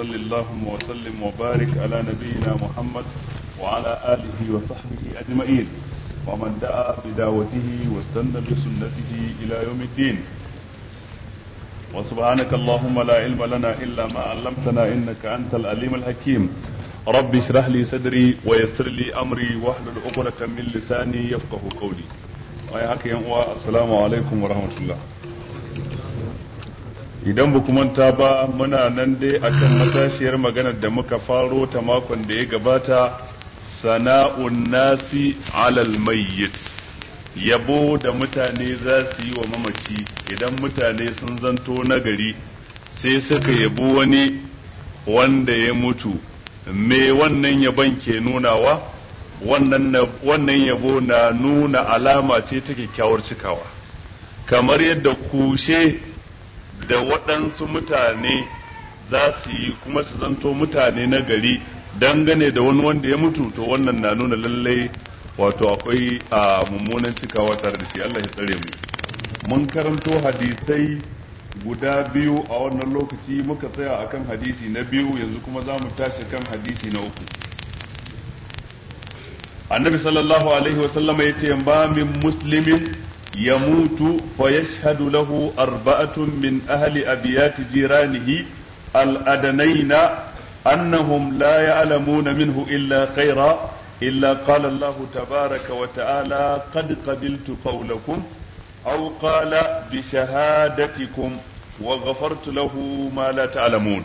صل اللهم وسلم وبارك على نبينا محمد وعلى اله وصحبه اجمعين ومن دعا بدعوته واستنى بسنته الى يوم الدين وسبحانك اللهم لا علم لنا الا ما علمتنا انك انت العليم الحكيم رب اشرح لي صدري ويسر لي امري واحلل عقدة من لساني يفقه قولي ويا حكيم السلام عليكم ورحمه الله idan ba manta ba muna nan dai a kan matashiyar maganar da muka faro ta makon da ya gabata sana'un nasi alal mayyit yabo da mutane za su yi wa mamaci idan mutane sun zanto nagari sai suka yabo wani wanda ya mutu me wannan yabon ke nunawa wannan yabo na nuna alama ce ta kyakkyawar cikawa kamar yadda kushe da waɗansu mutane za su yi kuma su zanto mutane na gari dangane da wani wanda ya mutu to wannan na nuna lallai wato akwai a mummunan cikawa tare da shi Allah ya tsare mu mun karanto hadisai guda biyu a wannan lokaci muka tsaya akan hadisi na biyu yanzu kuma za mu tashi kan hadisi na uku annabi sallallahu alaihi wasallama ya ce ba min muslimin يموت فيشهد له أربعة من أهل أبيات جيرانه الأدنين أنهم لا يعلمون منه إلا خيرا إلا قال الله تبارك وتعالى قد قبلت قولكم أو قال بشهادتكم وغفرت له ما لا تعلمون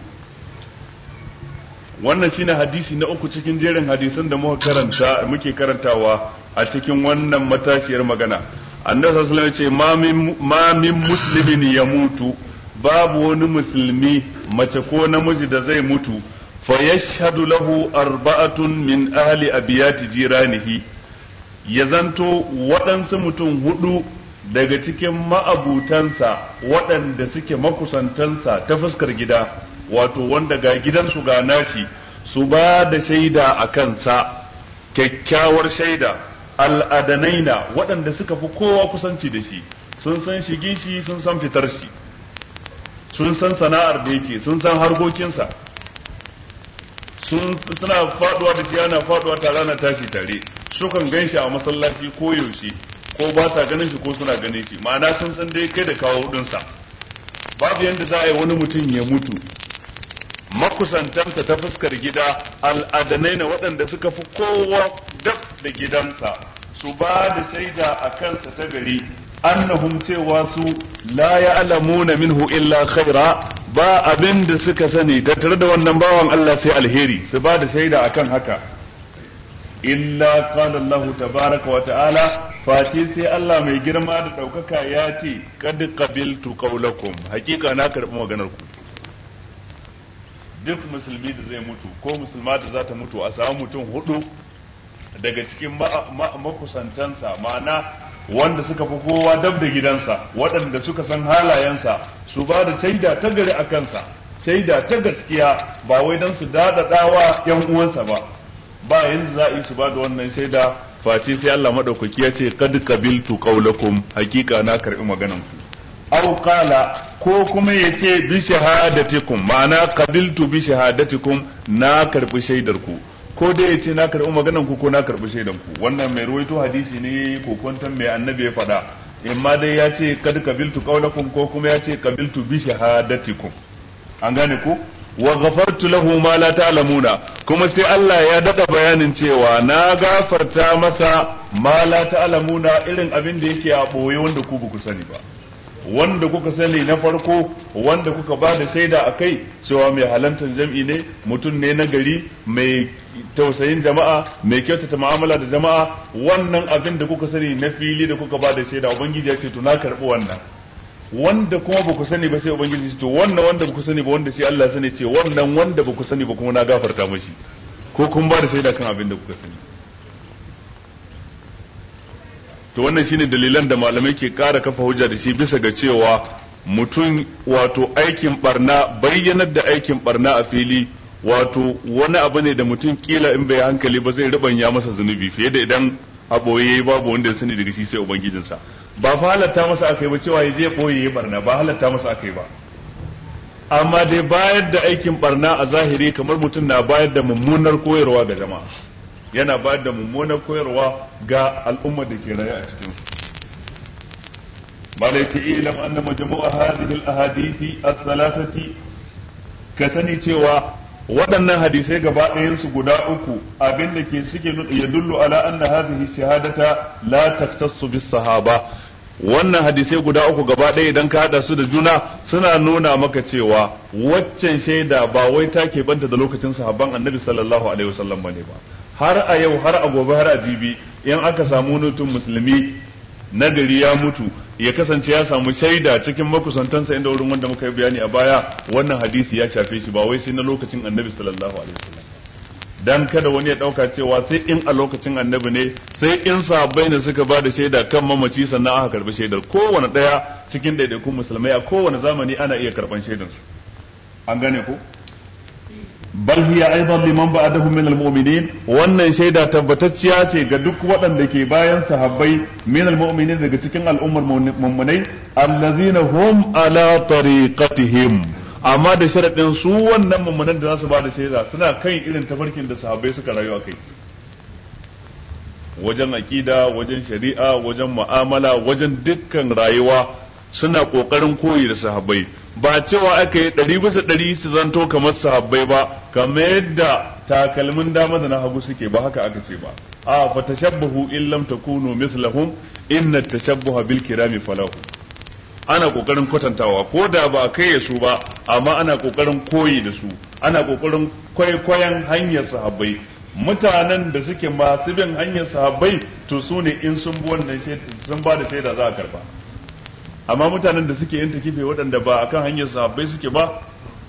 wannan shine hadisi na uku cikin jerin hadisan da muka karanta muke karantawa a cikin wannan matashiyar magana annabi sallallahu alaihi wasallam ya ce ma min muslimin ya mutu babu wani musulmi mace ko namiji da zai mutu fa yashhadu lahu arba'atun min ahli abiyati jiranihi ya zanto waɗansu mutum hudu daga cikin ma'abutansa waɗanda suke makusantansa ta fuskar gida wato wanda ga gidansu ga nashi su ba da shaida a sa kyakkyawar shaida al'adanaina waɗanda suka fi kowa kusanci da shi sun san shigin shi sun san fitar shi sun san sana'ar da yake sun san harkokinsa suna faduwa da shi ana faduwa tare na tashi tare sukan gan shi a masallaci ko yaushe ko ba sa ganin shi ko suna ganin shi ma'ana sun san dai kai da kawo huɗunsa babu yadda za a yi wani mutum ya mutu Makusantansa ta fuskar gida al'adanai na waɗanda suka fi kowa daf da gidansa su ba da shaida a kansa ta gari annahum cewa su la ya'lamuna minhu illa khaira ba abin da suka sani tattare da wannan bawan Allah sai alheri su ba da shaida akan haka illa qala Allah tabaraka wa ta'ala fati sai Allah mai girma da ɗaukaka ya ce qad qabiltu qawlakum hakika na karɓi maganar ku duk musulmi da zai mutu ko musulma da za ta mutu a samu mutum hudu daga cikin makusantansa ma'ana wanda suka fi kowa dab da gidansa waɗanda suka san halayensa su ba da shaida ta gari a kansa shaida ta gaskiya ba wai don su daɗaɗa wa ‘yan uwansa ba ba yanzu za a yi su ba da wannan shaida face sai Allah maɗaukaki ya ce kad kabiltu qawlakum hakika na karɓi maganan su aw ko kuma yace bi shahadatikum ma'ana qabiltu bi shahadatikum na karbi shaidar ku ko dai yace na karbi maganan ku ko na karbi shaidan wannan mai ruwaito hadisi ne ko kwantan mai annabi ya faɗa imma dai ya ce kad qabiltu qawlakum ko kuma ya ce qabiltu bi shahadatikum an gane ku. wa ghafartu lahu ma la ta'lamuna kuma sai Allah ya dada bayanin cewa na gafarta masa ma la ta'lamuna irin abin da yake a boye wanda ku ba ku sani ba wanda kuka sani na farko wanda kuka ba da shaida a kai cewa mai halantar jam'i ne mutum ne na gari mai tausayin jama'a mai kyautata ma'amala da jama'a wannan abin da kuka sani na fili da kuka ba da shaida ubangiji ya ce to na karbi wannan wanda kuma ba ku sani ba sai ubangiji ce to wannan wanda ba ku sani ba wanda sai Allah sani ce wannan wanda ba ku sani ba kuma na gafarta mashi ko kun ba da shaida kan abin da kuka sani to wannan shine dalilan da malamai ke kara kafa hujja da shi bisa ga cewa mutum wato aikin barna bayyanar da aikin barna a fili wato wani abu ne da mutum kila in bai hankali ba zai ribanya masa zunubi fiye da idan a boye babu wanda ya sani daga shi sai ubangijinsa ba fa halatta masa akai ba cewa yaje boye yayi barna ba halatta masa akai ba amma dai bayar da aikin barna a zahiri kamar mutum na bayar da mummunar koyarwa ga jama'a yana ba da mummunan koyarwa ga al'ummar da ke raye a cikin malaiki ilam anna majmu'a hadhihi al-ahadithi salasati ka sani cewa waɗannan hadisai gaba ɗayan su guda uku abinda ke suke ya dullu ala anna hadhihi shahadata la taktassu bis sahaba wannan hadisai guda uku gaba ɗaya idan ka haɗa su da juna suna nuna maka cewa waccan shaida ba wai take banta da lokacin sahabban annabi sallallahu alaihi wasallam bane ba har a yau har a gobe har a jibi in aka samu nutun musulmi na gari ya mutu ya kasance ya samu shaida cikin makusantansa inda wurin wanda muka yi bayani a baya wannan hadisi ya shafe shi ba wai sai na lokacin annabi sallallahu alaihi wasallam dan kada wani ya dauka cewa sai in a lokacin annabi ne sai in sahabbai ne suka ba da shaida kan mamaci sannan aka karbi shaidar kowane daya cikin daidaikun musulmai a kowane zamani ana iya karban shaidar an gane ko bal hiya aidan liman ba'dahu min almu'minin wannan shaida tabbatacciya ce ga duk waɗanda ke bayan sahabbai min almu'minin daga cikin al'ummar mu'minai allazina hum ala tariqatihim amma da sharadin su wannan mu'minan da za su bada shaida suna kan irin tafarkin da sahabbai suka rayu kai wajen aqida wajen shari'a wajen mu'amala wajen dukkan rayuwa suna kokarin koyi da sahabbai ba cewa aka yi ɗari bisa ɗari su zanto kamar sahabbai ba kamar yadda takalmin dama da na hagu suke ba haka aka ce ba a fa tashabbahu in lam takunu mislahum inna tashabbaha bil kirami falahu ana kokarin kwatantawa ko da ba kai ya su ba amma ana kokarin koyi da su ana kokarin kwaikwayon hanyar sahabbai mutanen da suke masu bin hanyar sahabbai to su ne in sun bi wannan sun ba da shaida za a karba amma mutanen da suke yin takife waɗanda ba akan hanyar sahabbai suke ba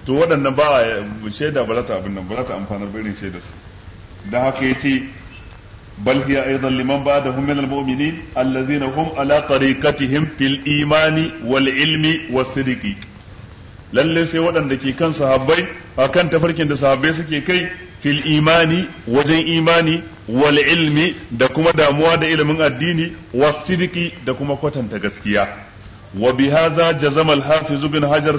to waɗannan ba shaida ba za ta abin nan ba za ta amfanar ba irin shaida su da haka yace bal hiya aidan liman ba'dahum min almu'minin allazina hum ala tariqatihim fil imani wal ilmi was sidqi lalle sai waɗanda ke kan sahabbai akan tafarkin da sahabbai suke kai fil imani wajen imani wal ilmi da kuma damuwa da ilimin addini was sidqi da kuma kwatanta gaskiya wa bihaza jazama al-hafiz ibn hajar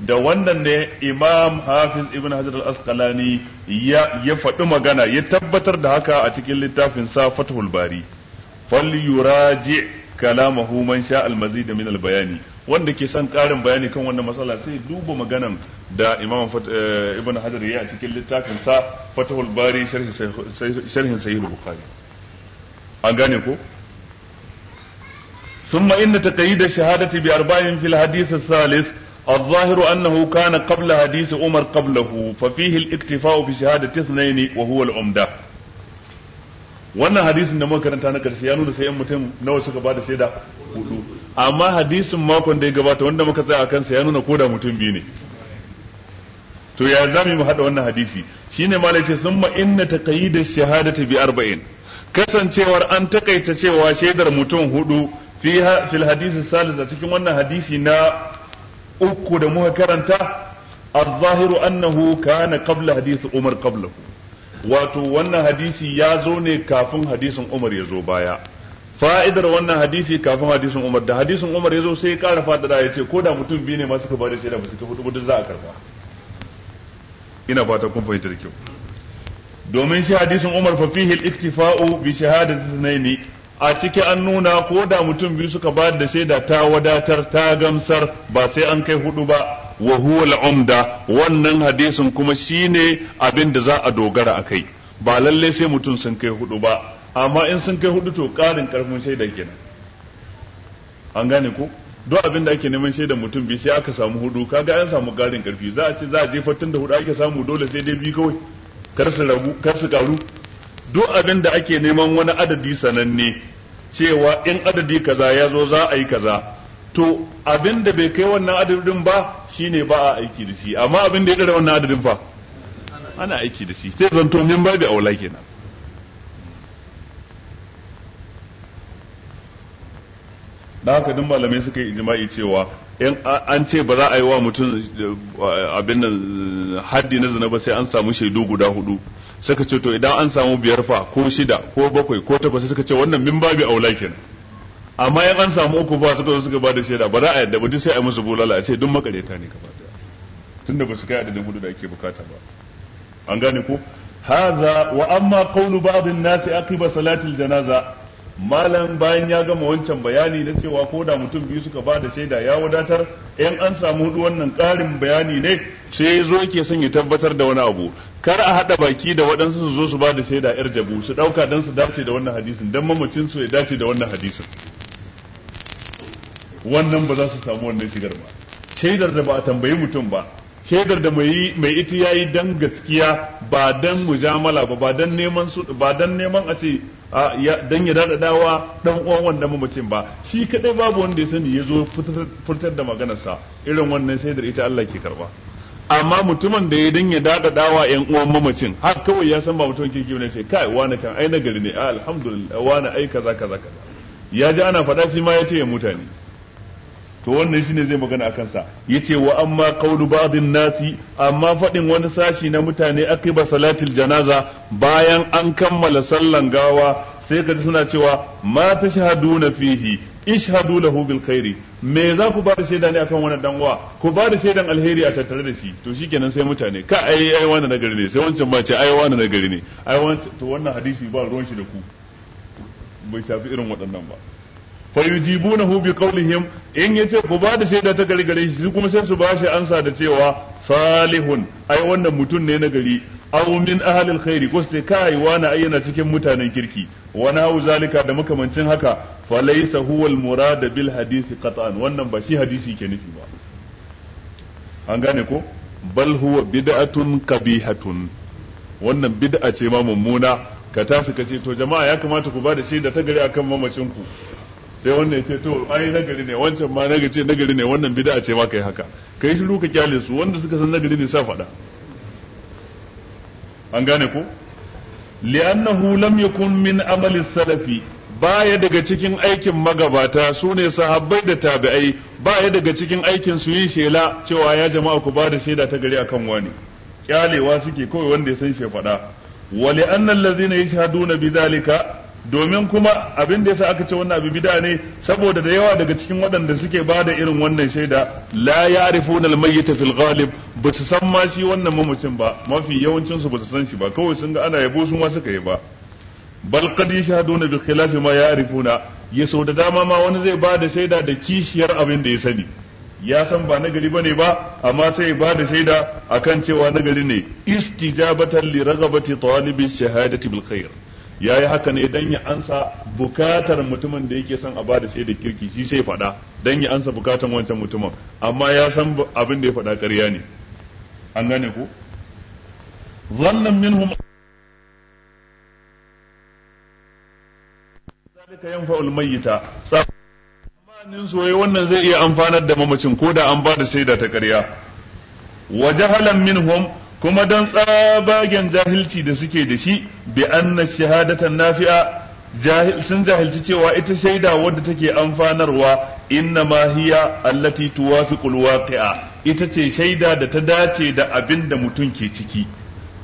da wannan ne imam hafiz ibn hajar al-asqalani ya ya faɗi magana ya tabbatar da haka a cikin littafin sa fathul bari falyuraji kalamahu man sha al-mazid min al-bayani wanda ke son ƙarin bayani kan wannan matsala sai duba maganan da imam eh, ibn hajar ya a cikin littafin sa fathul bari sharhin sahih bukhari an gane ko ثم إن تقييد الشهادة بأربع في الحديث الثالث الظاهر أنه كان قبل حديث عمر قبله ففيه الاكتفاء شهادة اثنين وهو العمدة wannan hadisin da muka karanta na karshe ya nuna sai yan mutum nawa suka bada shaida hudu amma hadisin makon da ya gabata wanda muka tsaya a kansa ya nuna koda mutum biyu ne to ya za mu hada wannan hadisi shine malai ce summa inna taqayyida shahadati bi arba'in kasancewar an takaita cewa shaidar mutum hudu fiha fil hadisi salis a cikin wannan hadisi na uku da muka karanta الظاهر أنه كان قبل حديث عمر قبله wato wannan hadisi ya zo ne kafin hadisin Umar ya zo baya fa'idar wannan hadisi kafin hadisin Umar da hadisin Umar ya zo sai ya kara fadada ya ce ko da mutum biyu ne ma suka bada shaida masu ka hudu duk za a karba ina fata kun fahimta da kyau domin shi hadisin Umar fa fihi al-iktifa'u bi shahadati sunaini a ciki an nuna ko da mutum biyu suka ba da shaida ta wadatar ta gamsar ba sai an kai hudu ba wa huwa umda wannan hadisin kuma shine abin da za a dogara a kai ba lalle sai mutum sun kai hudu ba amma in sun kai hudu to karin karfin shaidan kenan an gane ko duk abin da ake neman shaidan mutum biyu sai aka samu hudu kaga an samu karin karfi za a ce za a jefa tun da hudu ake samu dole sai dai biyu kawai kar su rabu kar su karu duk abin da ake neman wani adadi sananne cewa in adadi kaza ya zo za a yi kaza to abin da bai kai wannan adadin ba shine ba a aiki da shi amma abin da ya ɗara wannan adadin fa ana aiki da shi sai zanto min ba da aula kenan da haka duk malamai suka yi ijma'i cewa in an ce ba za a yi wa mutum eh, abin nan haddi na zina ba sai an samu shaidu guda hudu suka ce to idan an samu biyar fa ko shida ko bakwai ko takwas suka ce wannan min babi aula kenan amma in an samu uku fa suka zo suka ba da shaida ba za a yadda ba duk sai a yi musu bulala a ce duk makareta ne gaba daya tunda ba su kai adadin hudu da ake bukata ba an gane ko hadha wa amma qawlu ba'd an-nas aqiba salatil janaza malam bayan ya gama wancan bayani na cewa ko da mutum biyu suka ba da shaida ya wadatar in an samu hudu wannan ƙarin bayani ne sai ya zo ke son ya tabbatar da wani abu kar a haɗa baki da waɗansu su zo su ba da shaida yar jabu su ɗauka don su dace da wannan hadisin don mamacin su ya dace da wannan hadisin wannan ba za su samu wannan shigar ba shaidar da ba a tambayi mutum ba shaidar da mai mai ita yayi dan gaskiya ba dan mujamala ba ba dan ba dan neman a ce dan ya dada dawa dan uwan wannan mamacin ba shi kadai babu wanda ya sani ya zo furtar da maganarsa irin wannan sai da ita Allah ke karba amma mutumin da ya dan ya dada dawa yan uwan mamacin har kawai ya san ba mutum kirki ne sai kai wani kan ai nagari ne ah, alhamdulillah wani ai kaza kaza kaza ya ji ana faɗa shi ma ya ce ya mutane to wannan shine zai magana a kansa yace wa amma qawlu ba'dhin nasi amma fadin wani sashi na mutane akiba salatil janaza bayan an kammala sallan gawa sai ji suna cewa ma tashhaduna fihi ishhadu lahu bil khairi me za ku ba da shaida ne akan wannan danwa ku ba da shaidan alheri a tattare da shi to shikenan sai mutane ka ai ai wannan nagari ne sai wancan ma ce ai wannan nagari ne ai wancan to wannan hadisi ba ruwan shi da ku bai shafi irin waɗannan ba fayujibunahu yujibunahu bi qawlihim in yace ku ba da shaida ta gari gare shi kuma sai su ba shi ansa da cewa salihun ai wannan mutum ne na gari aw min ahli alkhairi ko sai kai wani ai yana cikin mutanen kirki wani hu zalika da makamancin haka fa laysa huwa almurad bil hadisi qat'an wannan ba shi hadisi ke nufi ba an gane ko bal huwa bid'atun qabihatun wannan bid'a ce ma mummuna ka tafi ka ce to jama'a ya kamata ku ba da shaida ta gari akan mamacin ku sai wannan ce to ai nagari ne wancan ma nagari ce nagari ne wannan bid'a ce ma kai haka kai shi ruka kyale su wanda suka san nagari ne sa faɗa an gane ko li'annahu lam yakun min amali salafi baya daga cikin aikin magabata su ne sahabbai da tabi'ai baya daga cikin aikin su yin shela cewa ya jama'a ku bada shaida ta gari akan wani kyalewa suke kawai wanda ya san shi faɗa wa li'anna allazina yashhaduna bidhalika domin kuma abin da yasa aka ce wannan abu bid'a ne saboda da yawa daga cikin waɗanda suke ba da irin wannan shaida la ya'rifuna al-mayyita fil ghalib ba su san ma shi wannan mamacin ba mafi yawancin su ba su san shi ba kawai sun ga ana yabo sun ma suka yi ba bal qad yashhaduna bi khilafi ma ya'rifuna yaso da dama ma wani zai ba da shaida da kishiyar abin da ya sani ya san ba nagari bane ba amma sai ba da shaida akan cewa nagari ne istijabatan li ragabati talibi shahadati bil khair ya yi haka ne idan ya ansa bukatar mutumin da yake son a ba da da kirki shi sai faɗa dan ya ansa bukatar wancan mutumin amma ya san abin da ya faɗa ƙarya ne an gane ku zannan min minhum zalika yanfa'ul mayyita nin soyayya wannan zai iya amfanar da mamacin ko da an ba da shaida ta ƙarya wa jahalan minhum kuma don tsabagen jahilci da suke da shi bi anna shahadatan nafi'a sun jahilci cewa ita shaida wadda take amfanarwa inna ma hiya allati tuwafiqul waqi'a ita ce shaida da ta dace da abinda da mutum ke ciki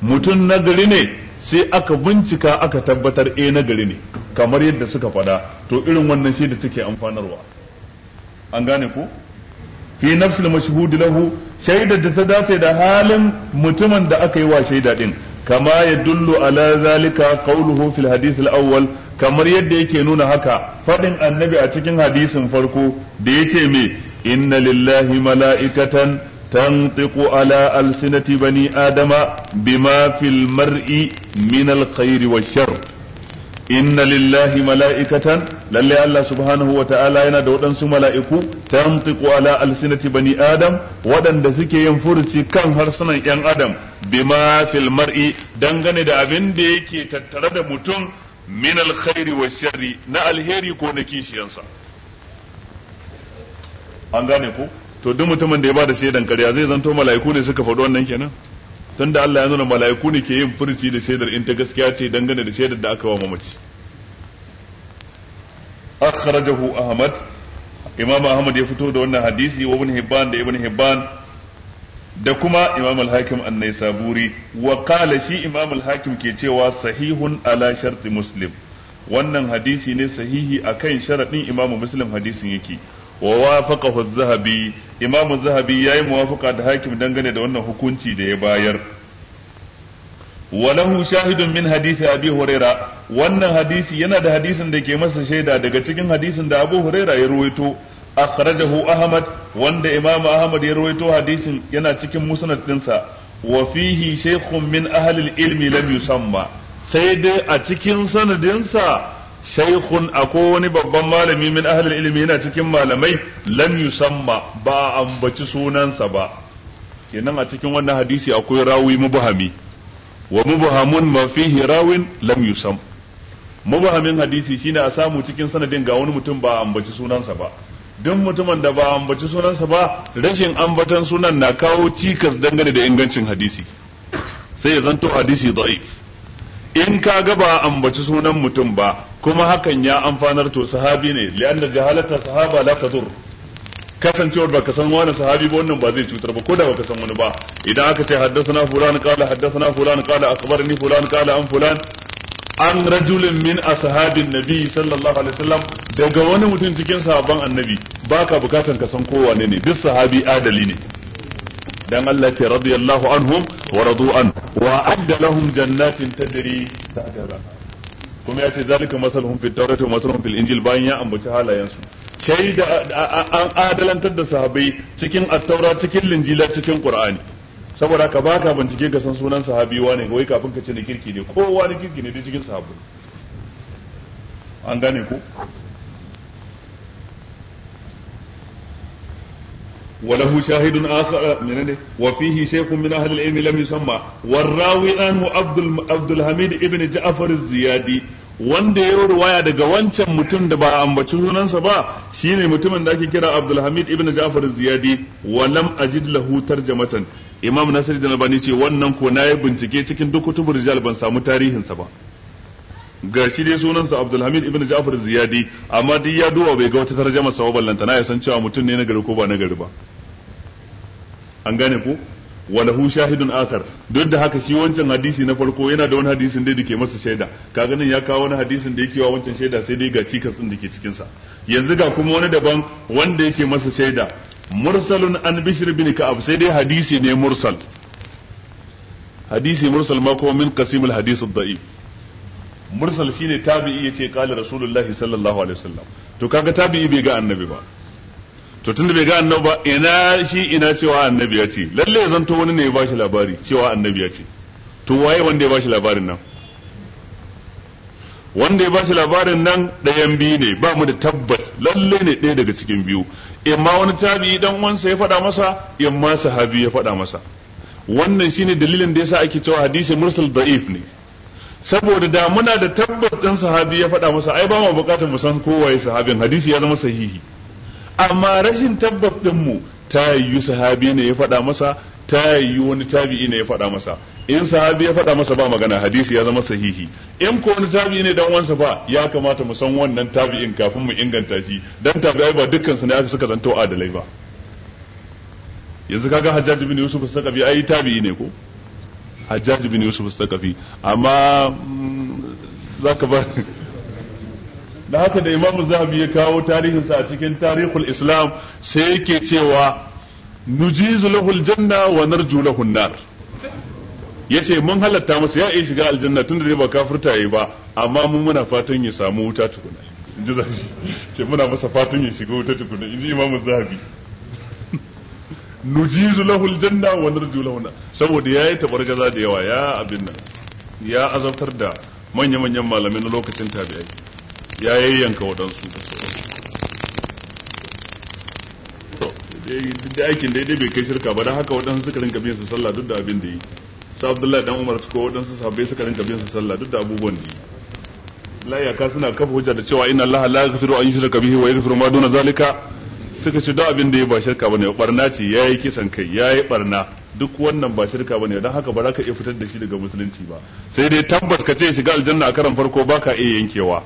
mutum nagari ne sai aka bincika aka tabbatar eh nagari ne kamar yadda suka faɗa to irin wannan shaida take amfanarwa an gane ko fi nafsul mashhud lahu Shaida da ta dace da halin mutumin da aka yi wa shaida din kama yadullu ala zalika qawluhu fil hadith al awwal kamar yadda yake nuna haka faɗin annabi a cikin hadisin farko da yace me inna lillahi mala'ikatan tantiqu ala alsinati bani adama bima fil mar'i min al khairi wash shar inna lillahi mala'ikatan lalle Allah subhanahu wa ta'ala yana da waɗansu mala'iku tantiqu ala alsinati bani adam waɗanda suke yin furuci kan harsunan yan adam bima fil mar'i dangane da abin da yake tattare da mutum min alkhairi wa sharri na alheri ko na kishiyansa an gane ko to duk mutumin da ya bada shaidan karya zai zanto mala'iku ne suka faɗo wannan kenan tunda Allah ya nuna mala'iku ne ke yin furuci da shaidar in ta gaskiya ce dangane da shaidar da aka wa mamaci akhrajahu ahmad imam ahmad ya fito da wannan hadisi wa da kuma imam al-hakim an-naisaburi wa shi imam al-hakim ke cewa sahihun ala sharti muslim wannan hadisi ne sahihi akan sharadin imam muslim hadisin yake wa wafaqahu az-zahabi imam az-zahabi yayi muwafaqa da hakim dangane da wannan hukunci da ya bayar wa lahu shahidun min hadisi abi huraira wannan hadisi yana da hadisin da ke masa shaida daga cikin hadisin da abu huraira ya ruwaito akhrajahu ahmad wanda imamu ahmad ya ruwaito hadisin yana cikin musnad Wafihi, wa fihi min ahli ilmi lam yusamma sai dai a cikin sanadinsa shaykhun akwai wani babban malami min ahli ilmi yana cikin malamai lam yusamma ba a ambaci sunansa ba kenan a cikin wannan hadisi akwai rawi mubahami wa mubuhamun ma fihi rawin lam yusam mubhamin hadisi shine a samu cikin sanadin ga wani mutum ba ambaci sunansa ba duk mutumin da ba ambaci sunansa ba rashin ambatan sunan na kawo cikas dangane da ingancin hadisi sai ya zanto hadisi da'if in ka ga ba ambaci sunan mutum ba kuma hakan ya amfanar to sahabi ne li'anna jahalata sahaba la tadur kasancewar baka san wani sahabi ba wannan ba zai cutar ba ko da baka san wani ba idan aka ce haddathana fulan qala haddathana fulan qala akhbarani fulan qala an fulan an rajulin min ashabin nabi sallallahu alaihi wasallam daga wani mutum cikin sahabban annabi baka bukatan ka san kowa ne duk sahabi adali ne dan Allah ce radiyallahu anhum wa radu an wa adda lahum jannatin tadri ta'tara kuma yace zalika masalhum fit tawrati wa masalhum fil injil bayan ya ambaci su. kai da an adalantar da sahabbai cikin attaura cikin linjila cikin qur'ani saboda ka baka bincike ga san sunan sahabi wane wai kafin ka ce ni kirki ne kowa ni kirki ne da cikin sahabbai an gane ku وله شاهد اخر من وفيه شيخ من اهل العلم لم يسمى والراوي عنه عبد عبد الحميد ابن جعفر الزيادي wanda ya ruwaya daga wancan mutum da ba a ambaci sunansa ba shine mutumin da ake kira Abdulhamid ibn Ja'far Ziyadi wa lam ajid lahu tarjamatan Imam Nasir da Nabani ce wannan ko na nayi bincike cikin duk kutubur rijal ban samu tarihinsa ba ga shi dai sunansa Abdulhamid ibn Ja'far Ziyadi amma duk ya duwa bai ga wata tarjama sa ballanta na ya san cewa mutum ne na gari ko ba na gari ba an gane ko wala hu shahidun akhar duk da haka shi wancan hadisi na farko yana da wani hadisin dai ke masa shaida kaga nan ya kawo wani hadisin da yake wa wancan shaida sai dai ga cikas din dake cikin sa yanzu ga kuma wani daban wanda yake masa shaida mursalun an bishr bin ka'ab sai dai hadisi ne mursal hadisi mursal ma kuma min qasimul hadis ad mursal shine tabi'i yace qala rasulullahi sallallahu alaihi wasallam to kaga tabi'i bai ga annabi ba to da bai ga annabi ba ina shi ina cewa annabi ya ce lalle ya zanto wani ne ya bashi labari cewa annabi ya ce to waye wanda ya bashi labarin nan wanda ya bashi labarin nan ɗayan biyu ne ba mu da tabbas lalle ne ɗaya daga cikin biyu imma wani tabi'i dan uwansa ya faɗa masa imma sahabi ya faɗa masa wannan shine dalilin da yasa ake cewa hadisi mursal da'if ne saboda da muna da tabbas ɗin sahabi ya faɗa masa ai ba mu buƙatar mu san kowaye sahabin hadisi ya zama sahihi amma rashin tabbas din mu ta yi sahabi ne ya faɗa masa ta yi wani tabi'i ne ya faɗa masa in sahabi ya faɗa masa ba magana hadisi ya zama sahihi in ko wani tabi'i ne dan wansa ba ya kamata mu san wannan tabi'in kafin mu inganta shi dan tabi'ai ba dukkan su ne aka suka zanto adalai ba yanzu kaga Hajjaj bin Yusuf as-Saqafi ai tabi'i ne ko Hajjaj bin Yusuf as-Saqafi amma mm, zaka ba da haka da imamu zahabi ya kawo tarihinsa a cikin tarihul islam sai yake cewa nujizu lahul janna wa narju lahun nar yace mun halatta masa ya iya shiga aljanna tun da ba kafirta yi ba amma mun muna fatan ya samu wuta tukuna inji zahabi ce muna masa fatan ya shiga wuta tukuna inji imamu zahabi nujizu lahul janna wa narju lahun nar saboda yayi gaza da yawa ya abin nan ya azabtar da manya-manyan malamai na lokacin tabi'ai ya yayyanka waɗansu da aikin daidai bai kai shirka ba don haka waɗansu suka rinka bin su sallah duk da abin da yi sa abdullahi dan umar ko waɗansu sahabbai suka rinka biyan su sallah duk da abubuwan da yi la ya ka suna kafa hujja da cewa inna allaha la yaghfiru an yushraka bihi wa yaghfiru ma duna zalika suka ce duk abin da ya ba shirka bane barna ce yayi kisan kai yayi barna duk wannan ba shirka bane don haka ba za ka iya fitar da shi daga musulunci ba sai dai tabbas ka ce shiga aljanna a karan farko baka iya yankewa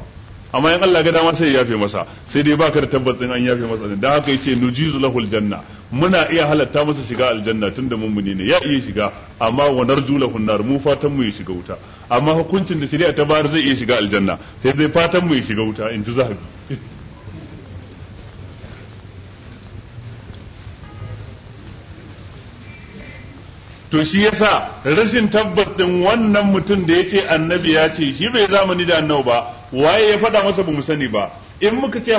amma in Allah ga dama sai ya yafe masa sai dai baka da tabbas din an yafe masa da haka yace nujizu lahul janna muna iya halatta masa shiga aljanna tunda mun mune ne ya iya shiga amma wa narju lahun nar mu fatan mu ya shiga wuta amma hukuncin da shari'a ta bayar zai iya shiga aljanna sai dai fatan mu ya shiga wuta in ji zahabi to shi yasa rashin tabbas din wannan mutum da yace annabi ya ce shi bai zamani da annabi ba waye ya faɗa masa bamu sani ba in muka ce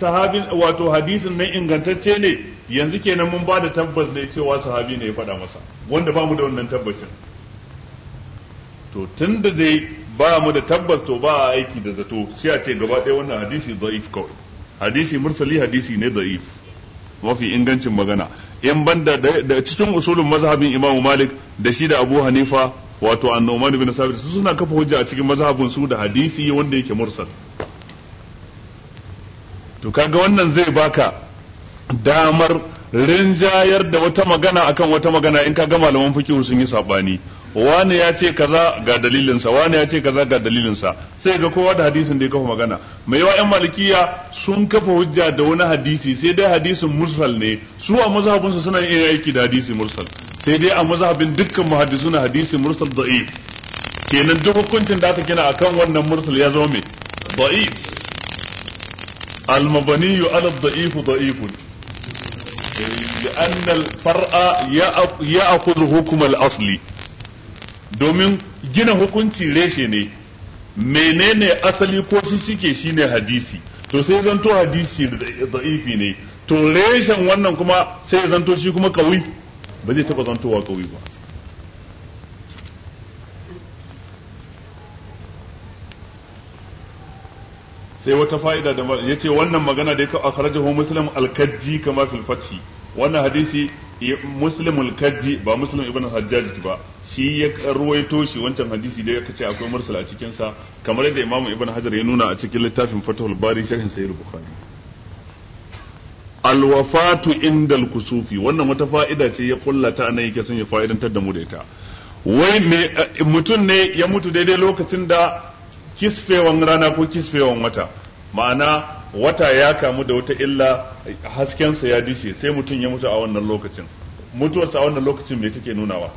sahabin wato hadisin nan ingantacce ne yanzu kenan mun ba da tabbas ne cewa sahabi ne ya faɗa masa wanda ba mu da wannan tabbacin to tun da dai ba mu da tabbas to ba a aiki da zato sai a ce gaba ɗaya wannan hadisi dhaif kawai hadisi mursali hadisi ne da'if mafi ingancin magana in banda da cikin usulun mazhabin Imam Malik da shi da Abu Hanifa wato nomani bin sabit su suna kafa hujja a cikin mazhabin su da hadisi wanda yake mursal to kaga wannan zai baka damar rinjayar da wata magana akan wata magana in kaga malaman fikihu sun yi sabani wani ya ce kaza ga dalilinsa wani ya ce kaza ga dalilinsa sai ga kowa da hadisin da ya kafa magana mai yawa yan malikiya sun kafa hujja da wani hadisi sai dai hadisin mursal ne su a su suna yin aiki da hadisi mursal sai dai a mazhabin dukkan na hadisi mursal da'if kenan duk hukuncin da aka gina akan wannan mursal ya zama mai da'if al-mabani ala da'if لأن الفرع يأخذ حكم الأصل domin gina hukunci reshe ne menene asali ko shi suke shine hadisi to sai zanto hadisi da'ifi ne to reshen wannan kuma sai zanto shi kuma kawi ba zai taba zantowa kauye ba sai wata fa'ida da ya ce wannan magana da ya kawo akhrajahu muslim al-kajji kama fil wannan hadisi muslim al ba muslim ibn hajjaj ba shi ya ruwaito shi wancan hadisi da ya kace akwai mursala a cikinsa kamar yadda imamu ibn hajar ya nuna a cikin littafin fathul bari sharhin sahih bukhari alwafatu indal kusufi wannan wata fa'ida ce ya ta anan yake son ya fa'idantar da mu da ita wai me eh, mutum ne ya mutu daidai lokacin da kisfewan rana ko kisfewan wata ma'ana wata ya kamu da wata illa haskensa ya dishe sai mutum ya mutu a wannan lokacin mutuwarsa a wannan lokacin me take nunawa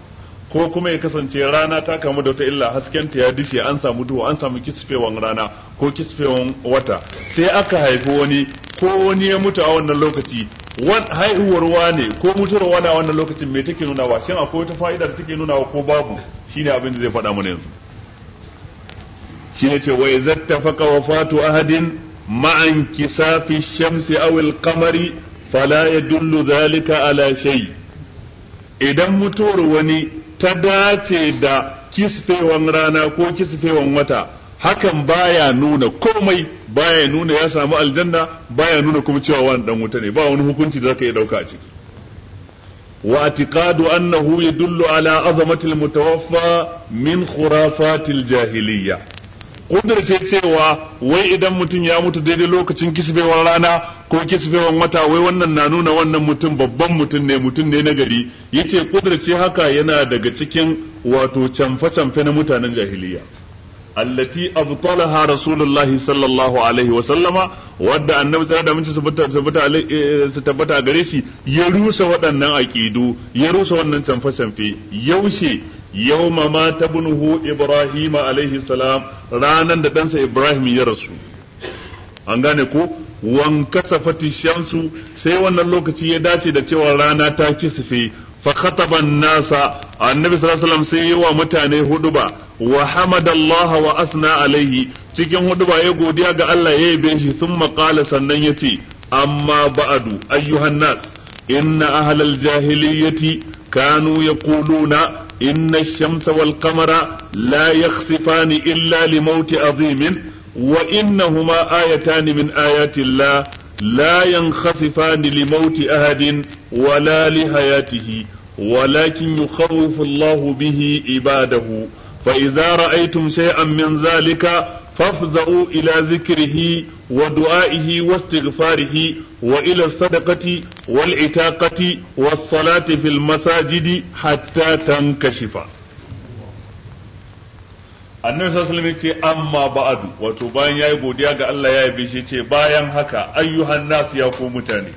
ko kuma ya kasance rana ta kamu da wata illa haskenta ya dishe an samu duhu an samu kisfewan rana ko kisfewan wata sai aka haifi wani ko wani ya mutu a wannan lokaci haihuwar wane ko mutuwar wane a wannan lokacin me take nuna wa shin akwai wata fa'ida da take nuna wa ko babu shine abin da zai faɗa mana yanzu shine ce wa zatta tafaqa wafatu ahadin ma'an kisafi shamsi aw al-qamari fala yadullu dhalika ala shay idan mutuwar wani ta dace da kisfewan rana ko kisfewan wata hakan baya nuna komai baya nuna ya samu aljanna baya nuna kuma cewa wani dan wuta ne ba wani hukunci da zaka yi dauka a ciki wa atiqadu annahu yadullu ala azamati almutawaffa min khurafatil jahiliyya kudirce cewa wai idan mutum ya mutu daidai lokacin kisbewar rana ko kisbewan wata wai wannan na nuna wannan mutum babban mutum ne mutum ne nagari yace kudirce haka yana daga cikin wato camfe-camfe na mutanen jahiliya allati abtalaha rasulullah sallallahu alaihi wa sallama wadda annabi sai da mun eh, su tabbata gare shi ya rusa waɗannan aqidu ya rusa wannan canfe-canfe yaushe yawma ma tabnuhu ibrahim alaihi salam ranan da ɗansa ibrahim ya rasu an gane ko wan shamsu sai wannan lokaci ya dace da cewa rana ta kisfe fa khataba nasa annabi sallallahu alaihi wasallam sai wa mutane huduba wa hamadallaha wa asna alaihi cikin huduba ya godiya ga Allah ya yabe shi thumma qala sannan yace amma ba'adu ayyuhan nas inna ahlal jahiliyyati kanu yaquluna inna ash-shamsa wal qamara la yakhsifani illa li mauti azimin wa innahuma ayatan min ayatillah la yankhasifan limauti ahadin wala li hayatihi ولكن يخوف الله به عباده فإذا رأيتم شيئا من ذلك فافزعوا إلى ذكره ودعائه واستغفاره وإلى الصدقة والعتاقة والصلاة في المساجد حتى تنكشف annabi sallallahu alaihi ce amma ba'adu wato bayan yayi godiya ga Allah ya yabe shi ce bayan haka ayyuhan nas ya ku mutane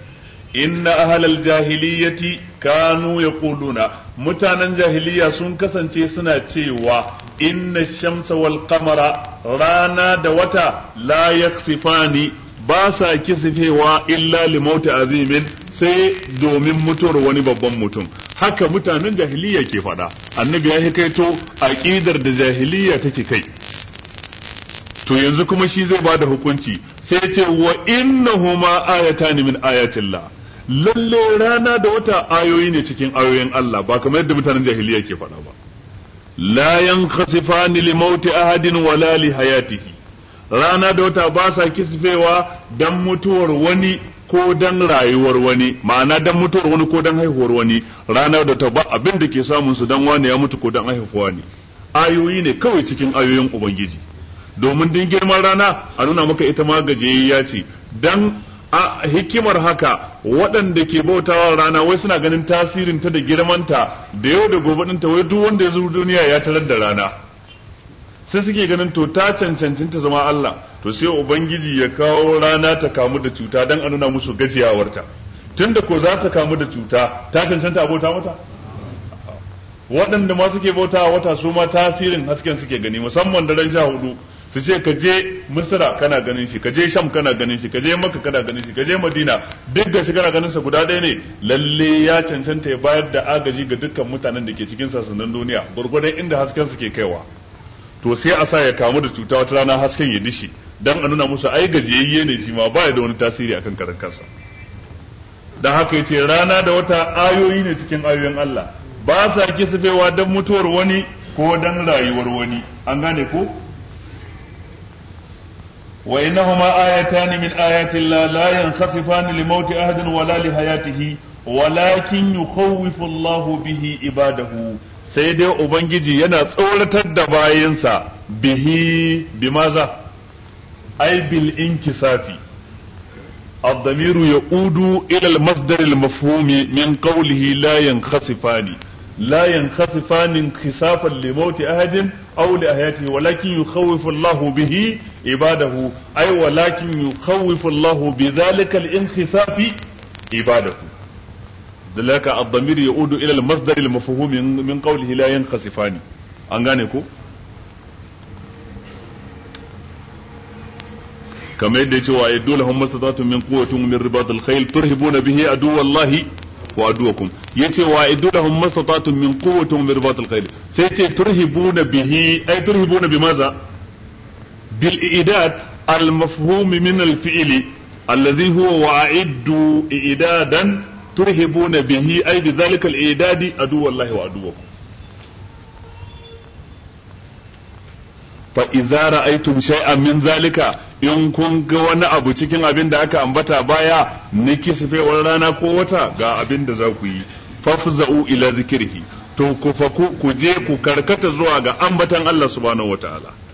inna ahlal jahiliyyati kanu yaquluna mutanen jahiliya sun kasance suna cewa inna shamsa wal qamara rana da wata la yaksifani ba sa kisifewa illa mauti azimin sai domin mutuwar wani babban mutum haka mutanen jahiliya ke faɗa annabi ya hikaito aqidar da jahiliya take kai to yanzu kuma shi zai bada hukunci sai ce wa innahuma ayatan min ayatillah lalle rana da wata ayoyi ne cikin ayoyin Allah ba kamar yadda mutanen jahiliya ke faɗa ba la yankhasifani li mauti ahadin wala li hayatihi rana da wata ba sa kisfewa dan mutuwar wani ko dan rayuwar wani ma'ana dan mutuwar wani ko dan haihuwar wani rana da ta ba abin da ke samun su dan wani ya mutu ko dan haihuwa ne ayoyi ne kawai cikin ayoyin ubangiji domin din girman rana a nuna maka ita ma gajiyayya ce dan a hikimar haka waɗanda ke bautawa rana wai suna ganin tasirinta da girmanta da yau da gobe ɗinta wai duk wanda ya zo duniya ya tarar da rana sai suke ganin to ta cancancin zama Allah to sai ubangiji ya kawo rana ta kamu da cuta dan a nuna musu gajiyawarta tunda ko za ta kamu da cuta ta cancanta abota mata waɗanda ma suke bauta wata su ma tasirin hasken suke gani musamman daren sha hudu su ce ka je misra kana ganin shi ka je sham kana ganin shi ka je makka kana ganin shi ka je madina duk da shi kana ganin sa guda ɗaya ne lalle ya cancanta ya bayar da agaji ga dukkan mutanen da ke cikin sassanin duniya gurgurdan inda hasken su ke kaiwa to sai a sa ya kamu da cuta wata rana hasken ya dishi dan a nuna musu ai gajiyayye ne shi ma ba da wani tasiri akan karan kansa dan haka yace rana da wata ayoyi ne cikin ayoyin Allah ba sa kisafewa dan mutuwar wani ko dan rayuwar wani an gane ko wa innahuma ayatan min ayati Allah la yankhasifan li mauti ahadin wala li hayatihi walakin yukhawwifu Allahu bihi ibadahu sai dai ubangiji yana tsoratar da bayansa bihi bimaza ai bil inkisafi الضمير يعود إلى المصدر المفهوم من قوله لا ينخسفان لا ينخسفان انخسافا لموت أحد أو لحياته ولكن يخوف الله به عباده أي ولكن يخوف الله بذلك الانخساف عباده dalaka ad-damir yaudu ila al-masdar al-mafhum min qawlihi la yanqasifani an gane ko kamar yadda yace wa yaddu lahum masatatun min quwwatin min ribat al-khayl turhibuna bihi adu wallahi wa aduwakum yace wa yaddu lahum masatatun min quwwatin min ribat al-khayl sai ce turhibuna bihi ay turhibuna bimaza bil i'dad al-mafhum min al-fi'li alladhi huwa wa'iddu i'dadan turhibuna bihi ay bi zalika al-idadi adu wallahi wa aduwakum fa idza ra'aytum shay'an min zalika in kun ga wani abu cikin abin da aka ambata baya na wani rana ko wata ga abin da za ku yi fafza'u ila zikirhi to ku faku ku je ku karkata zuwa ga ambatan Allah subhanahu wataala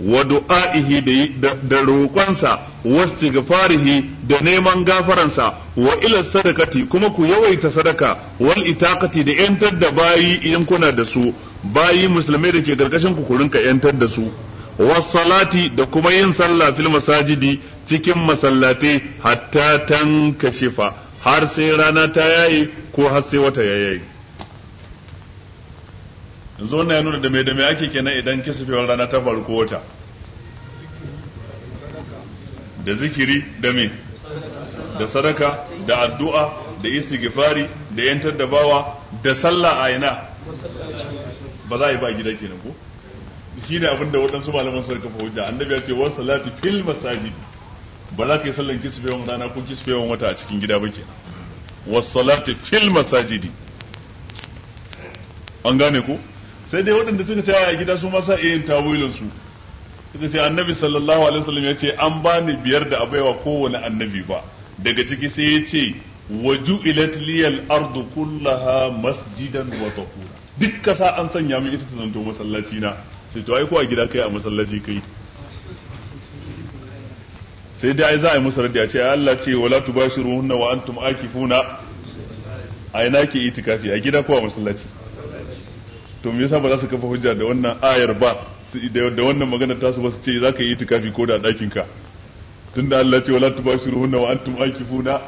wa du'a'ihi da roƙonsa istighfarihi da neman gafaransa wa ila sadakati kuma ku yawaita sadaka wal itaqati da yantar da bayi idan kuna da su bayi musulmai da ke karkashin ku ku rinka yantar da su salati da kuma yin sallah fil masajidi cikin masallatai hatta tankashifa har sai rana ta yayi ko har sai wata yayi yanzu wannan ya nuna da mai da mai ake kenan idan kisafewar rana ta faru ko wata da zikiri da me da sadaka da addu'a da istighfari da yantar da bawa da sallah a ina ba za a yi ba gida kenan ko shine abin da waɗansu malaman suka kafa hujja annabi ya ce wa salati fil masajid ba za ka yi sallan kisfewan rana ko kisfewan wata a cikin gida ba kenan Wasu salati fil masajidi an gane ko sai dai waɗanda suka ce a gida su masa iya yin tawilin su suka ce annabi sallallahu alaihi wasallam ya ce an bani biyar da abaiwa kowane annabi ba daga ciki sai ya ce ilat liyal ardu kullaha masjidan wa tahura duk kasa an sanya min ita ta zanto masallaci na sai to ai ko a gida kai a masallaci kai sai dai ai za a yi musu radda ce Allah ce wala tubashiruhunna wa antum akifuna ai nake itikafi a gida ko a masallaci to me yasa ba za su kafa hujja da wannan ayar ba da wannan magana ta su ba su ce za ka yi itikafi ko da ɗakin ka da Allah ce wala tubashiruhunna wa antum aikifuna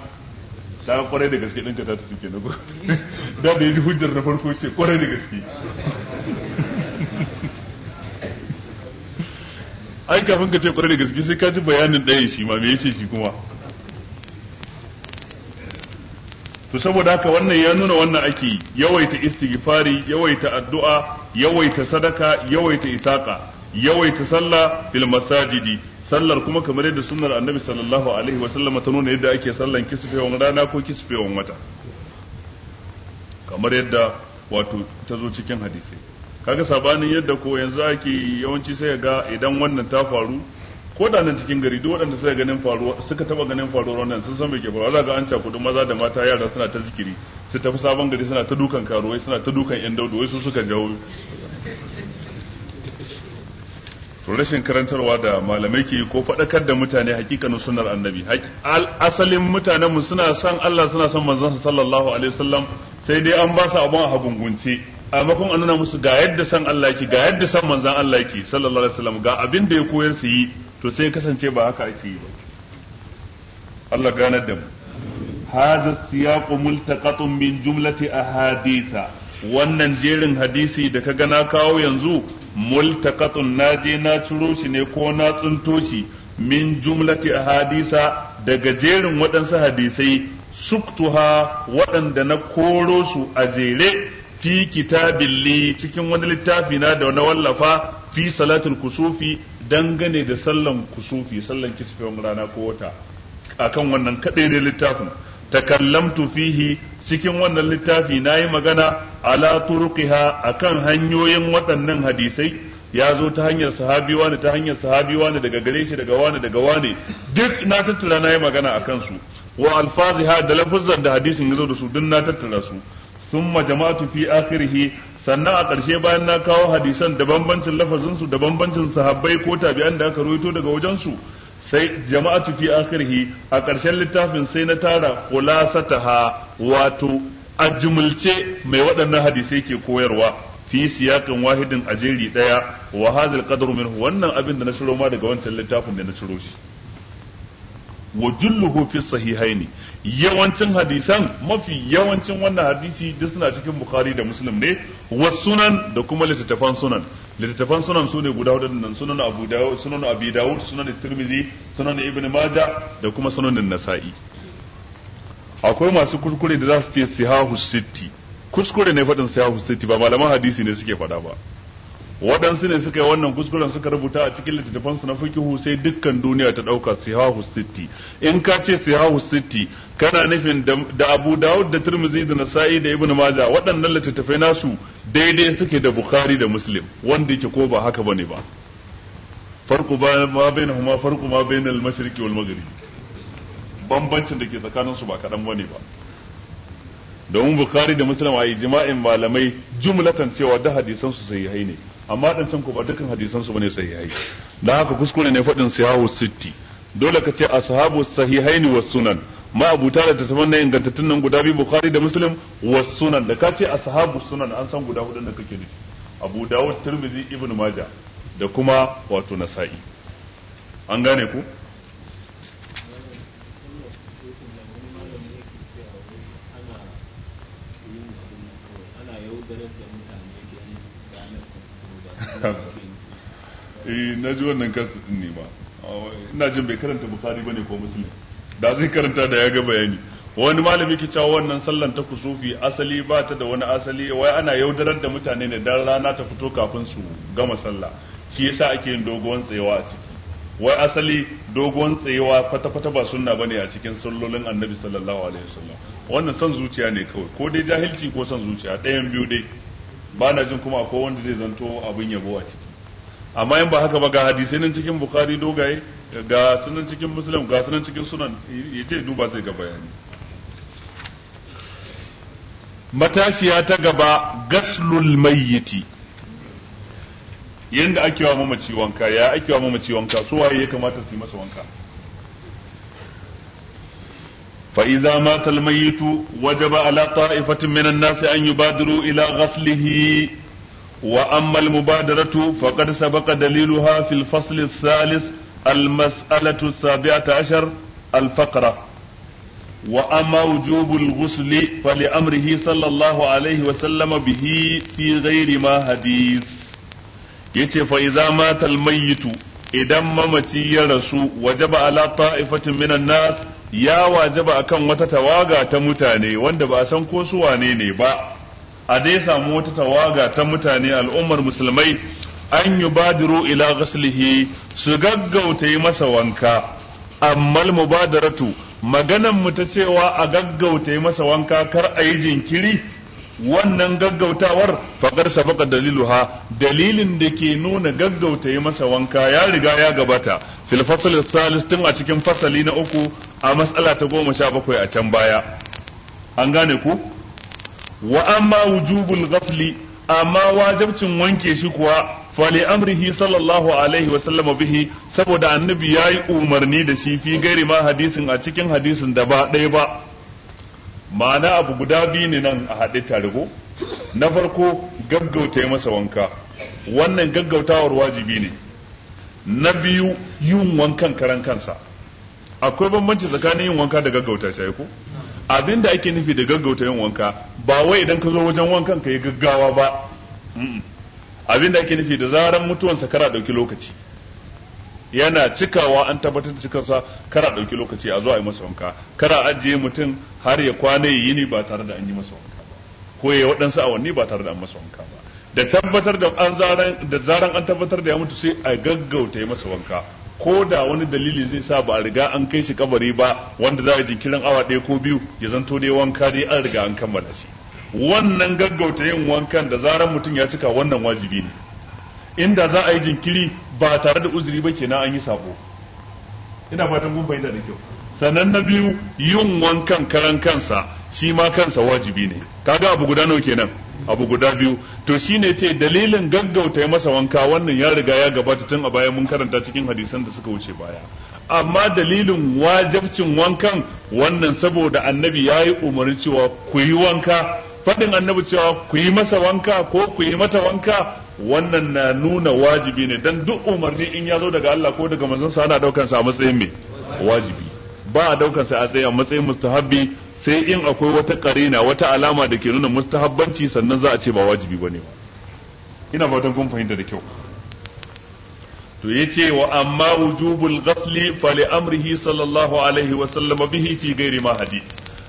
ta kwarai da gaske ɗinka ta tafi ke ko da da yaji hujjar na farko ce kwarai da gaske ai kafin ka ce kwarai da gaske sai ka ji bayanin ɗayan shi ma me yace shi kuma to saboda haka wannan ya nuna wannan ake yawaita istighfari yawaita addu'a yawaita sadaka yawaita itaqa yawaita sallah fil masajidi sallar kuma kamar yadda sunnar annabi sallallahu alaihi wa sallam ta nuna yadda ake sallan kisfewan rana ko kisfewan wata kamar yadda wato ta zo cikin hadisi kaga sabanin yadda ko yanzu ake yawanci sai ga idan wannan ta faru ko da nan cikin gari duk waɗanda suka ganin faruwa suka taba ganin faruwar wannan sun san me ke faruwa zaka an cakudu maza da mata yara suna ta zikiri su tafi sabon gari suna ta dukan karuwai suna ta dukan yan daudu wai su suka jawo to rashin karantarwa da malamai ke ko faɗakar da mutane hakikanin sunnar annabi asalin mutanen mu suna son Allah suna son manzon sallallahu alaihi wasallam sai dai an ba su abun a hagungunce a makon an nuna musu ga yadda san Allah yake ga yadda san manzon Allah yake sallallahu alaihi wasallam ga abin da ya koyar su yi to sai kasance ba haka ake yi ba Allah ganar da mu hadha siyaqu multaqatun min jumlati ahaditha wannan jerin hadisi da kaga na kawo yanzu multaqatun je na ciro shi ne ko na tsinto shi min jumlati hadisa daga jerin waɗansu hadisai suktuha waɗanda na koro su a zere fi kitabin cikin wani littafi na da na wallafa fi salatul kusufi dangane da sallan kusufi sallan kisfiyon rana ko wata akan wannan kadai da littafin takallamtu fihi cikin wannan littafi nayi magana ala turqiha akan hanyoyin waɗannan hadisai ya zo ta hanyar sahabi wani ta hanyar sahabi wani daga gare shi daga wani daga wani duk na tattara nayi magana akan su wa alfaziha da lafazan da hadisin ya zo da su duk na tattara su ثم جمعت في آخره sannan a ƙarshe bayan na kawo hadisan da bambancin lafazinsu da bambancin sahabbai ko tabi'an da aka ruwaito daga wajensu sai jama'atu fi akhirhi a ƙarshen littafin sai na tara khulasataha wato a jumulce mai waɗannan hadisai ke koyarwa fi siyakin wahidin a jeri ɗaya wa hazal qadru minhu wannan abin da na shiro ma daga wancan littafin da na ciro shi wa julluhu fi sahihaini yawancin hadisan mafi yawancin wannan hadisi duk suna cikin bukhari da muslim ne wa sunan da kuma littattafan sunan littattafan sunan su ne guda hudu nan sunan abu dawud sunan abi dawud sunan tirmidhi sunan ibn majah da kuma sunan nasa'i akwai masu kuskure da za su ce sihahu sitti kuskure ne faɗin sihahu sitti ba malaman hadisi ne suke faɗa ba waɗansu ne suka yi wannan kuskuren suka rubuta a cikin littattafansu na fikihu sai dukkan duniya ta ɗauka sihahu sitti in ka ce sihahu sitti kana nufin da abu dawud da turmizi da nasa'i da ibn maja waɗannan littattafai nasu daidai suke da bukhari da muslim wanda yake ko ba haka bane ba farko ma ma huma farko ma bainal mashriqi wal maghrib bambancin da ke tsakanin su ba kaɗan bane ba domin bukhari da muslim a ijma'in malamai jumlatan cewa da hadisan su sahihai ne amma dan can ko ba dukkan hadisan su bane sahihai da haka kuskure ne fadin sahihu sitti dole ka ce ashabu sahihain was sunan ma abuta da tattaman nan ingantattun nan guda biyu bukhari da muslim was sunan da ka ce ashabu sunan an san guda hudun da kake nufi abu dawud tirmidhi ibnu majah da kuma wato nasa'i an gane ku ganin da mutane E, na ji wannan kasu din ne ma ina jin bai karanta bukari bane ko musulmi da zai karanta da ya ga bayani wani malami ke cewa wannan sallan ta kusufi asali ba ta da wani asali wai ana yaudarar da mutane ne dan rana ta fito kafin su gama sallah shi yasa ake yin doguwan tsayawa a ciki wai asali doguwan tsayawa fata-fata ba sunna bane a cikin sallolin annabi sallallahu alaihi wasallam wannan son zuciya ne kawai ko dai jahilci ko son zuciya ɗayan biyu dai ba na jin kuma akwai wanda zai zanto abin yabo a ciki amma in ba haka ba ga hadisai nan cikin bukari dogaye ga sunan cikin muslim ga sunan cikin sunan ya ce duba zai ga bayani matashiya ta gaba gaslul mayyiti yanda ake wa mamaci wanka ya ake wa mamaci wanka su waye ya kamata su yi masa wanka فإذا مات الميت وجب على طائفة من الناس أن يبادروا إلى غسله وأما المبادرة فقد سبق دليلها في الفصل الثالث المسألة السابعة عشر الفقرة وأما وجوب الغسل فلأمره صلى الله عليه وسلم به في غير ما حديث yace fa iza matal mayyitu idan mamaci ya rasu wajaba ala ta'ifatin minan nas ya wajaba akan wata tawaga ta mutane wanda ba a san ko su wane ne ba a dai samu wata tawaga ta mutane al'ummar musulmai an yi badiru ila ghaslihi su gaggauta yi masa wanka amma mubadaratu maganan mu ta cewa a gaggauta yi masa wanka kar a yi jinkiri wannan gaggautawar faƙar sabaka daliluha dalilin da ke nuna gaggauta yi masa wanka ya riga ya gabata fil fasal tun a cikin fasali na uku a matsala ta goma sha bakwai a can baya an gane ku wa amma wujubul ghafli amma wajabcin wanke shi kuwa fali amrihi sallallahu alaihi wa sallama bihi saboda annabi yayi umarni da shi fi gairi ma hadisin a cikin hadisin da ba ɗaya ba ma'ana abu guda biyu ne nan a haɗe tare na farko gaggauta masa wanka wannan gaggautawar wajibi ne na biyu yin wankan karan kansa akwai bambanci tsakanin yin wanka da gaggauta shi ko abin da ake nufi da gaggauta yin wanka ba wai idan ka zo wajen wankan ka yi gaggawa ba abin da ake nufi da zaran mutuwansa kara dauki lokaci yana cikawa an tabbatar da cikarsa kara dauki lokaci a zo a yi masa wanka kara ajiye mutum har ya kwana yi ni ba tare da an yi masa wanka ba ko ya waɗansu awanni ba tare da an masa wanka ba da tabbatar da an zaran da zaran an tabbatar da ya mutu sai a gaggauta yi masa wanka ko da wani dalili zai sa ba a riga an kai shi kabari ba wanda za a jinkirin awa ɗaya ko biyu ya zanto dai wanka dai an riga an kammala shi wannan gaggauta yin wankan da zarar mutum ya cika wannan wajibi ne inda za a yi jinkiri ba tare da uzuri ba kenan an yi sabo ina fatan kun fahimta da kyau sannan na biyu yin wankan karan kansa shi ma kansa wajibi ne kaga abu guda nawa kenan abu guda biyu to shine ce dalilin gaggauta masa wanka wannan ya riga ya gabata tun a baya mun karanta cikin hadisan da suka wuce baya amma dalilin wajabcin wankan wannan saboda annabi ya yi umarni cewa ku yi wanka faɗin annabi cewa ku yi masa wanka ko ku yi mata wanka wannan na nuna wajibi ne dan duk umarni in ya zo daga Allah ko daga manzon sa ana daukan sa a matsayin me wajibi ba a daukan sa a matsayin mustahabbi sai in akwai wata karina wata alama da ke nuna mustahabbanci sannan za a ce ba wajibi ba ne ina fatan kun fahimta da kyau to yace wa amma wujubul ghasli fali amrihi sallallahu alaihi wa sallama bihi fi ghairi ma hadith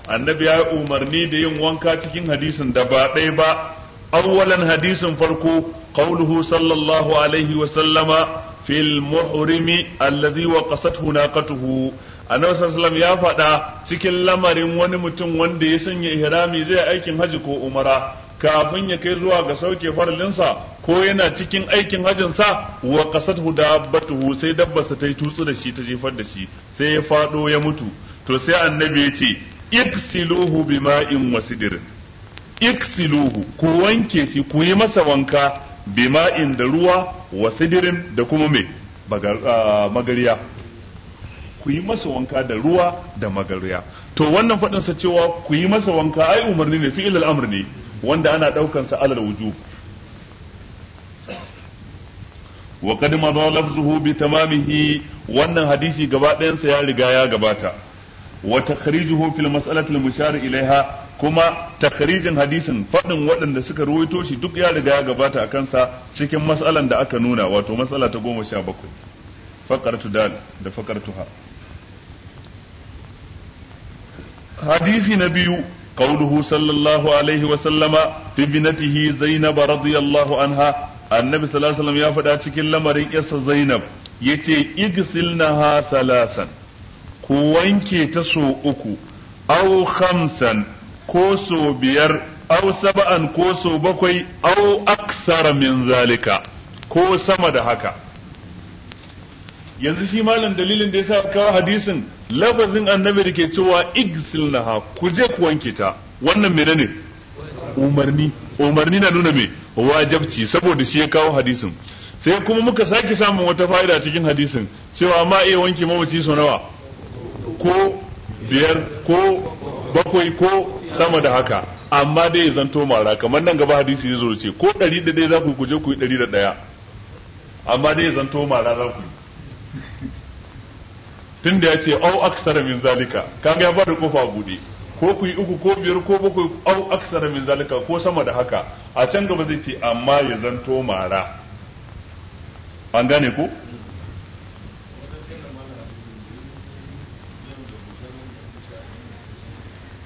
annabi ya umarni da yin wanka cikin hadisin da ba ɗaya ba awwalan hadisin farko qauluhu sallallahu alaihi wa sallama fil muhrimi allazi wa qasathu naqatuhu annabi sallallahu ya faɗa cikin lamarin wani mutum wanda ya sanya ihrami zai aikin haji ko umara kafin ya kai zuwa ga sauke faralinsa ko yana cikin aikin hajin sa wa qasadhu dabbatuhu sai dabbarsa ta yi tutsu da shi ta jefar da shi sai ya fado ya mutu to sai annabi ya ce iksiluhu bima'in wasidir iksiluhu ku wanke shi ku yi masa wanka bima'in da ruwa wasidirin da kuma me ah, magariya ku yi masa wanka da ruwa da magarya to wannan faɗin sa cewa ku yi masa wanka ai umarni ne fi ilal amr ne wanda ana daukan sa alal wujub wa qad da lafzuhu bi tamamihi wannan hadisi gaba ɗayan sa ya riga ya gabata wa takhrijuhu fil mas'alati al-mushar ilaiha kuma takhrijin hadisin faɗin waɗanda suka ruwaito shi duk ya riga ya gabata akan sa cikin mas'alan da aka nuna wato mas'ala ta goma sha bakwai faƙartu dal da hadisi na biyu قوله صلى الله عليه وسلم في ابنته زينب رضي الله عنها النبي صلى الله عليه cikin lamarin yarsa Zainab yace igsilnaha salasan ku wanke ta so uku au khamsan ko so biyar au sab'an ko so bakwai au aksara min zalika ko sama da haka yanzu shi malam dalilin da sa kawo hadisin lafazin annabi da ke cewa igsilnaha ku je ku wanke ta wannan ne? umarni umarni na nuna me wajabci saboda shi ya kawo hadisin sai kuma muka sake samun wata fa'ida cikin hadisin cewa ma iya wanke mamaci sau nawa ko biyar ko bakwai ko sama da haka amma dai ya zanto mara kamar nan gaba hadisi ya zo ce ko ɗari da ɗaya za ku kuje ku yi ɗari da ɗaya amma dai ya zanto mara za ku yi tunda ya ce au aksara min zalika kaga ya bada kofa bude ko ku yi uku ko biyar ko bakwai au aksara min zalika ko sama da haka a can gaba zai ce amma ya zanto mara an gane ku?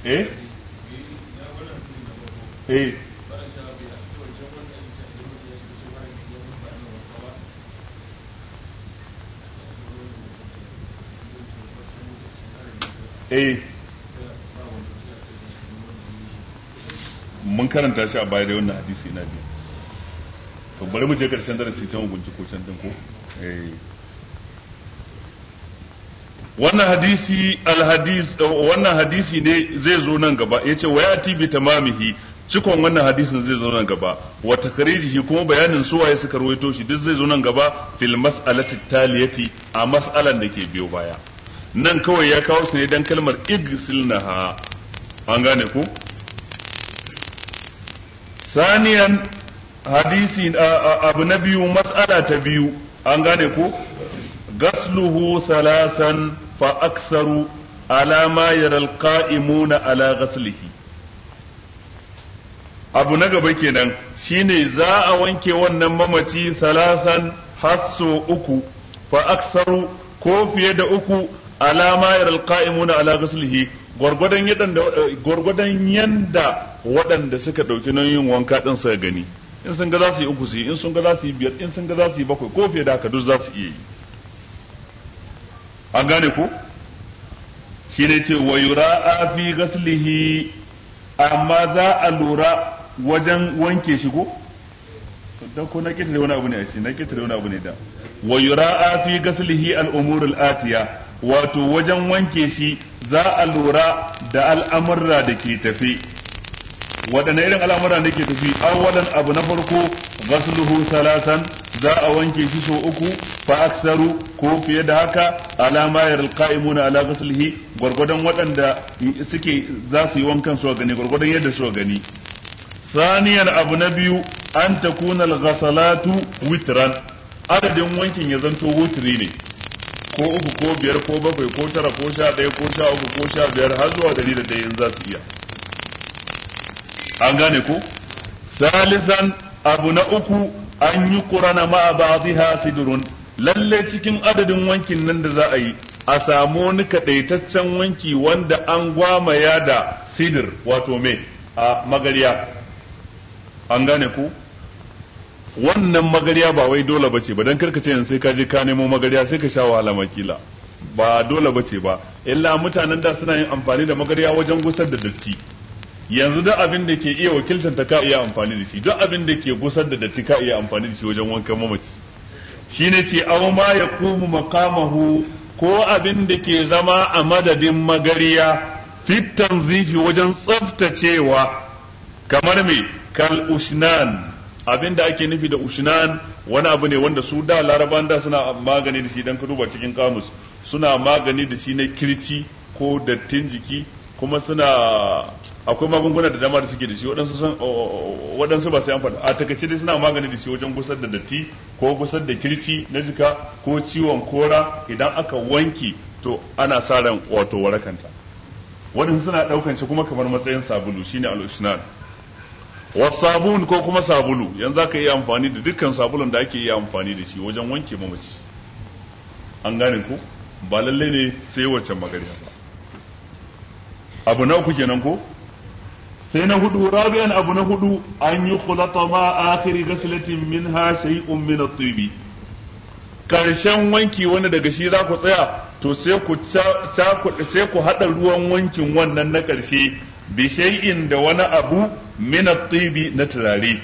eh eh eh mun karanta shi a baya da wannan hadisi na ji to bari mu je karshen darasi sai mu ko can din ko eh wannan hadisi hadis wannan hadisi ne zai zo nan gaba yace wa yati bi tamamihi cikon wannan hadisin zai zo nan gaba wa takhrijihi kuma bayanin su waye suka ruwaito shi duk zai zo nan gaba fil mas'alati taliyati a mas'alan da ke biyo baya nan kawai ya kawo su ne dan kalmar igsilnaha an gane ku saniyan hadisi abu na biyu mas'ala ta biyu an gane ku gasluhu salasan fa aksaru ala ma yara ala ghaslihi abu na gaba kenan shine za a wanke wannan mamaci salasan hasso uku fa aksaru ko fiye da uku Alama ma yaral qa'imuna ala ghuslihi gwargwadon yadda yanda waɗanda suka dauki yin wanka din suka gani in sun ga za su yi uku su yi in sun ga za su yi biyar in sun ga za su yi bakwai ko fiye da haka duk za su iya yi an gane ku? shi ne ce wa a fi ghuslihi amma za a lura wajen wanke shi ko dan ko na kitare wani abu ne a shi na kitare wani abu ne da wa a fi ghuslihi al-umur al-atiya wato wajen wanke shi za a lura da al'amurra da ke tafi waɗanne irin al'amurra da ke tafi awalan abu na farko ghasluhu salasan za a wanke shi sau uku fa aksaru ko fiye da haka alama imuna ala ghaslihi gwargwadon waɗanda suke za su yi wankan su gani gwargwadon yadda su gani saniyar abu na biyu an تكون الغسلات witran adadin wankin ya zanto wutri ne ko uku ko biyar ko bakwai ko tara ko sha ɗaya ko sha uku ko sha biyar har zuwa dari da ɗaya za su iya an gane ko salisan abu na uku an yi ƙurana ma'a ba'dhiha sidurun lalle cikin adadin wankin nan da za a yi a samu wani kaɗaitaccen wanki wanda an gwamaya da sidir wato me a magariya an gane ku wannan magariya ba wai dole bace ba dan karkace yanzu sai ka je ka nemo magariya sai ka sha wahala makila ba dole bace ba illa mutanen da suna yin amfani da magariya wajen gusar da datti yanzu duk abin da ke iya wakiltar ta ka iya amfani da shi duk abin da ke gusar da datti ka iya amfani da shi wajen wankan mamaci shine ce aw ma yaqumu maqamahu ko abin da ke zama a madadin magariya fit tanzifi wajen tsaftacewa kamar me kal ushnan abin da ake nufi da ushnan wani abu ne wanda su da laraban da suna magani da shi dan ka duba cikin kamus suna magani da shi na kirci ko dattin jiki kuma suna akwai magunguna da dama da suke da shi waɗansu ba su faɗa a takaice dai suna magani da shi wajen gusar da datti ko gusar da kirci na jika ko ciwon kora idan aka wanke to ana sa ran wato warakanta waɗansu suna ɗaukan shi kuma kamar matsayin sabulu shine al-ushnan wasabun ko kuma sabulu yanzu zaka yi amfani da dukkan sabulun da ake yi amfani da shi wajen wanke mamaci an gane ko ba lalle ne sai wacce magariya ba abu na uku kenan ko sai na hudu rabi'an abu na hudu an yi khulata ma akhiri ghaslatin minha shay'un min at-tibi karshen wanki wani daga shi za ku tsaya to sai ku sai ku hada ruwan wankin wannan na karshe bi shay'in da wani abu min at-tibi na turare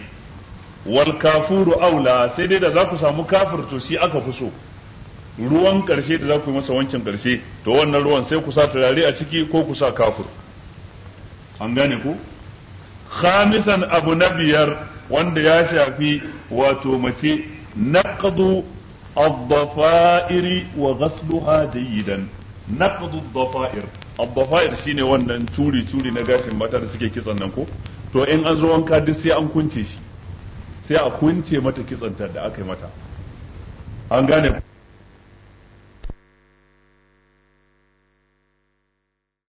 wal kafuru aula sai dai da za ku samu kafir to shi aka fi so ruwan karshe da za ku yi masa wankin karshe to wannan ruwan sai ku sa turare a ciki ko ku sa kafir an gane ku khamisan abu na biyar wanda ya shafi wato mace naqdu الضفائر وغسلها جيدا نقض الضفائر Abba abbafair shine wannan turi turi na gashin mata da suke kitsan nan ko to in an zo wanka duk sai an kunce shi sai a kunce mata kitsan da aka mata an gane